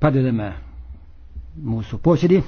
Padedame mūsų posėdį.